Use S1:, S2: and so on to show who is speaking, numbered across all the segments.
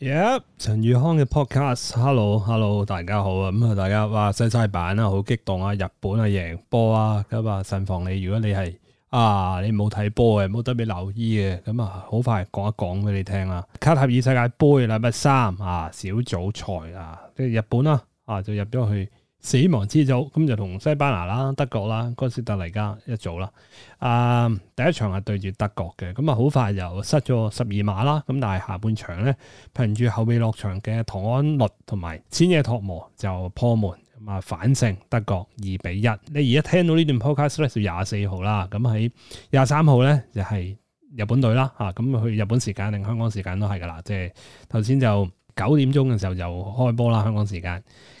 S1: 耶！Yep, 陳宇康嘅 podcast，hello hello，大家好啊，咁啊，大家哇，西西版啊，好激動啊，日本啊贏波啊，咁啊，慎防你如果你係啊，你冇睇波嘅、冇特別留意嘅，咁啊，好快講一講俾你聽啦，卡塔爾世界盃禮拜三啊，小組賽啊，即係日本啊，啊就入咗去。死亡之組咁就同西班牙啦、德國啦、哥斯達黎加一組啦。啊、呃，第一場係對住德國嘅，咁啊好快就失咗十二碼啦。咁但係下半場咧，憑住後備落場嘅堂安律同埋淺野拓磨就破門，咁啊反勝德國二比一。你而家聽到段呢段 podcast 咧就廿四號啦。咁喺廿三號咧就係日本隊啦。嚇，咁去日本時間定香港時間都係噶啦。即係頭先就。九點鐘嘅時候就開波啦，香港時間。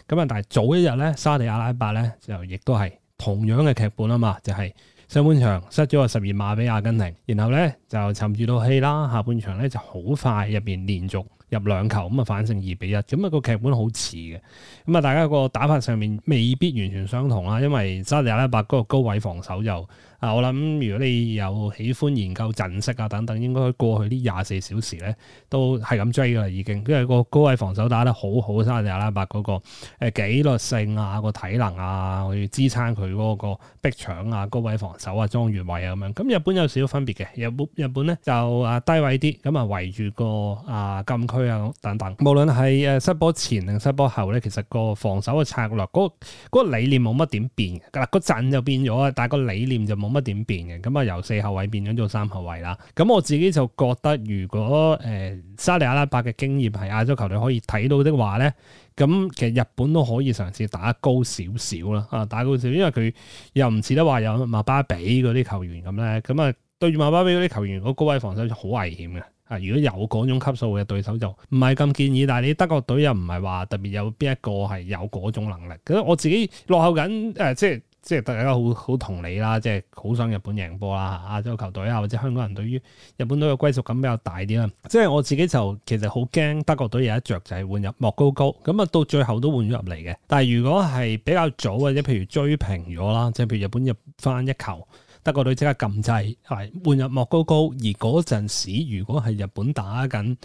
S1: 咁啊，但係早一日咧，沙地阿拉伯咧就亦都係同樣嘅劇本啊嘛，就係上半場失咗個十二碼俾阿根廷，然後咧就沉住到氣啦，下半場咧就好快入面連續入兩球，咁啊反勝二比一，咁啊個劇本好似嘅，咁啊大家個打法上面未必完全相同啦，因為沙地阿拉伯嗰個高位防守就。啊，我諗如果你有喜歡研究陣式啊等等，應該過去呢廿四小時咧都係咁追噶啦，已經，因為個高位防守打得好好，沙地阿拉伯嗰個誒紀律性啊個體能啊去支撐佢嗰個逼搶啊高位防守啊裝越位啊咁樣。咁日本有少少分別嘅，日本日本咧就啊低位啲，咁啊圍住個啊禁區啊等等。無論係誒失波前定失波後咧，其實個防守嘅策略嗰個嗰個理念冇乜點變嘅，嗱個陣就變咗啊，但係個理念就冇。乜點變嘅？咁、嗯、啊，由四後衛變咗做三後衛啦。咁、嗯、我自己就覺得，如果誒、呃、沙利阿拉伯嘅經驗係亞洲球隊可以睇到的話咧，咁、嗯、其實日本都可以嘗試打高少少啦。啊，打高少少，因為佢又唔似得話有馬巴比嗰啲球員咁咧。咁、嗯、啊、嗯，對住馬巴比嗰啲球員，個高位防守就好危險嘅。啊，如果有嗰種級數嘅對手，就唔係咁建議。但係你德國隊又唔係話特別有邊一個係有嗰種能力。咁我自己落後緊誒，即、啊、係。就是即係大家好好同理啦，即係好想日本贏波啦，亞洲球隊啊，或者香港人對於日本隊嘅歸屬感比較大啲啦。即係我自己就其實好驚德國隊有一着，就係換入莫高高，咁啊到最後都換咗入嚟嘅。但係如果係比較早，或者譬如追平咗啦，即係譬如日本入翻一球，德國隊即刻撳掣係換入莫高高。而嗰陣時如果係日本打緊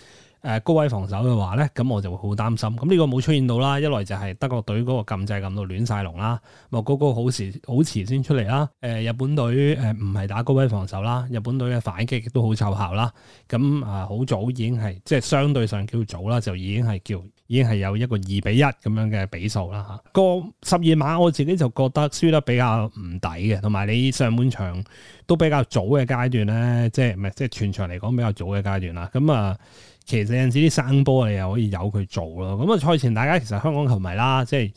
S1: 誒高位防守嘅話咧，咁我就會好擔心。咁呢個冇出現到啦，一來就係德國隊嗰個禁制禁到亂晒龍啦，莫高高好遲好遲先出嚟啦。誒、呃、日本隊誒唔係打高位防守啦，日本隊嘅反擊亦都好湊效啦。咁啊，好早已經係即係相對上叫早啦，就已經係叫已經係有一個二比一咁樣嘅比數啦嚇。個十二碼我自己就覺得輸得比較唔抵嘅，同埋你上半場都比較早嘅階段咧，即係唔係即係全場嚟講比較早嘅階段啦。咁啊～、呃其實有陣時啲生波你又可以由佢做咯，咁啊賽前大家其實香港球迷啦，即係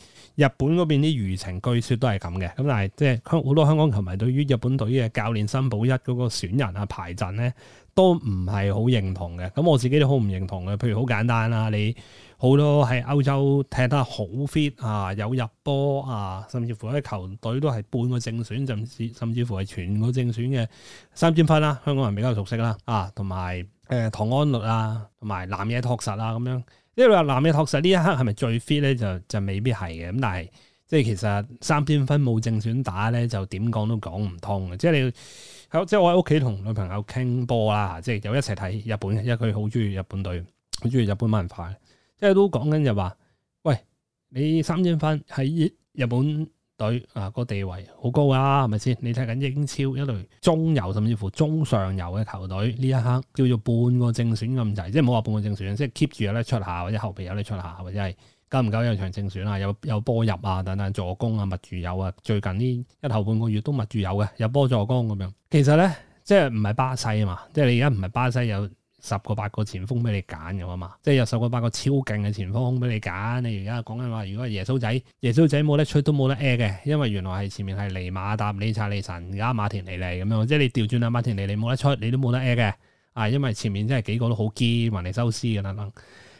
S1: 日本嗰邊啲輿情據説都係咁嘅，咁但係即係香好多香港球迷對於日本隊嘅教練森保一嗰個選人啊排陣咧都唔係好認同嘅，咁我自己都好唔認同嘅。譬如好簡單啦，你好多喺歐洲踢得好 fit 啊，有入波啊，甚至乎啲球隊都係半個正選，甚至甚至乎係全個正選嘅三尖分啦，香港人比較熟悉啦，啊同埋。誒、呃、唐安律啊，同埋南野拓實啊，咁樣，因為話南野拓實呢一刻係咪最 fit 咧，就就未必係嘅。咁但係即係其實三篇分冇正選打咧，就點講都講唔通嘅。即係你喺即係我喺屋企同女朋友傾波啦，即係有一齊睇日本，因為佢好中意日本隊，好中意日本文化。即係都講緊就話，喂，你三篇分喺日本隊啊個地位好高㗎，係咪先？你睇緊英超一類中游甚至乎中上游嘅球隊，呢一刻叫做半個正選咁滯，即係冇好話半個正選，即係 keep 住有得出下，或者後備有得出下，或者係夠唔夠有場正選啊？有有波入啊，等等助攻啊，密住有啊。最近呢一頭半個月都密住有嘅，有波助攻咁樣。其實咧，即係唔係巴西啊嘛，即係你而家唔係巴西有，十個八個前鋒俾你揀咁啊嘛，即係有十個八個超勁嘅前鋒俾你揀。你而家講緊話，如果係耶穌仔，耶穌仔冇得出都冇得 a 嘅，因為原來係前面係尼馬搭李察利臣，而家馬田、尼利咁樣，即係你調轉啊馬田、尼利冇得出，你都冇得 a 嘅啊，因為前面真係幾個都好堅，雲尼修斯咁樣。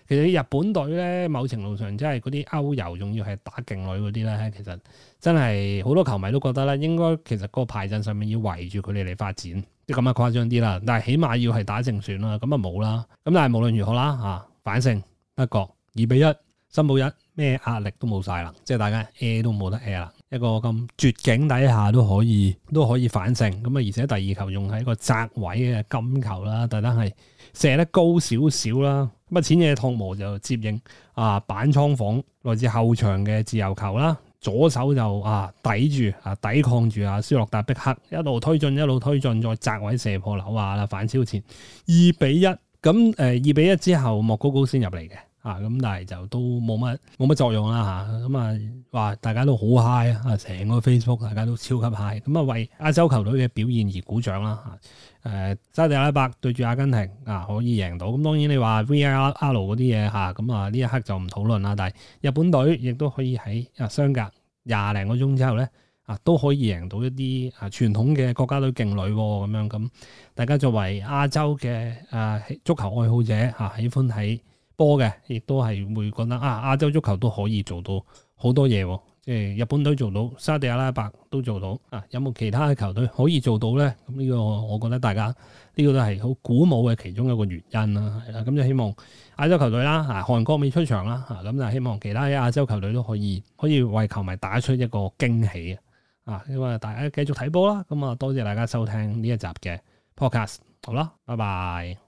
S1: 其實啲日本隊咧，某程度上即係嗰啲歐遊仲要係打勁旅嗰啲咧，其實真係好多球迷都覺得咧，應該其實嗰個排陣上面要圍住佢哋嚟發展，即係咁啊誇張啲啦。但係起碼要係打正選啦，咁啊冇啦。咁但係無論如何啦，嚇、啊、反勝德國二比一，新保一咩壓力都冇晒啦，即係大家 hea 都冇得 hea 啦。一個咁絕境底下都可以都可以反勝，咁啊而且第二球用喺一個窄位嘅金球啦，特登係射得高少少啦，咁啊淺野拓磨就接應啊板倉房來自後場嘅自由球啦，左手就啊抵住啊抵抗住阿斯洛達碧克一路推進一路推進再窄位射破樓啊啦反超前二比一，咁誒二比一之後莫高高先入嚟嘅。啊，咁但係就都冇乜冇乜作用啦嚇，咁啊話大家都好嗨，啊，成個 Facebook 大家都超級嗨、啊。咁啊為亞洲球隊嘅表現而鼓掌啦嚇。誒、啊，沙地阿拉伯對住阿根廷啊，可以贏到。咁、啊、當然你話 v r r 嗰啲嘢嚇，咁啊呢、啊、一刻就唔討論啦。但係日本隊亦都可以喺啊相隔廿零個鐘之後咧啊，都可以贏到一啲啊傳統嘅國家隊勁旅喎咁樣。咁、啊、大家作為亞洲嘅誒、啊、足球愛好者嚇、啊，喜歡喺～波嘅，亦都係會覺得啊，亞洲足球都可以做到好多嘢，即係日本隊做到，沙地阿拉伯都做到啊！有冇其他嘅球隊可以做到咧？咁、這、呢個我覺得大家呢、這個都係好鼓舞嘅其中一個原因啦，係啦。咁、嗯、就、嗯、希望亞洲球隊啦，啊，韓國未出場啦，啊，咁、嗯、就希望其他嘅亞洲球隊都可以可以為球迷打出一個驚喜啊！咁、嗯、啊，大家繼續睇波啦，咁、嗯、啊，多謝大家收聽呢一集嘅 podcast，好啦，拜拜。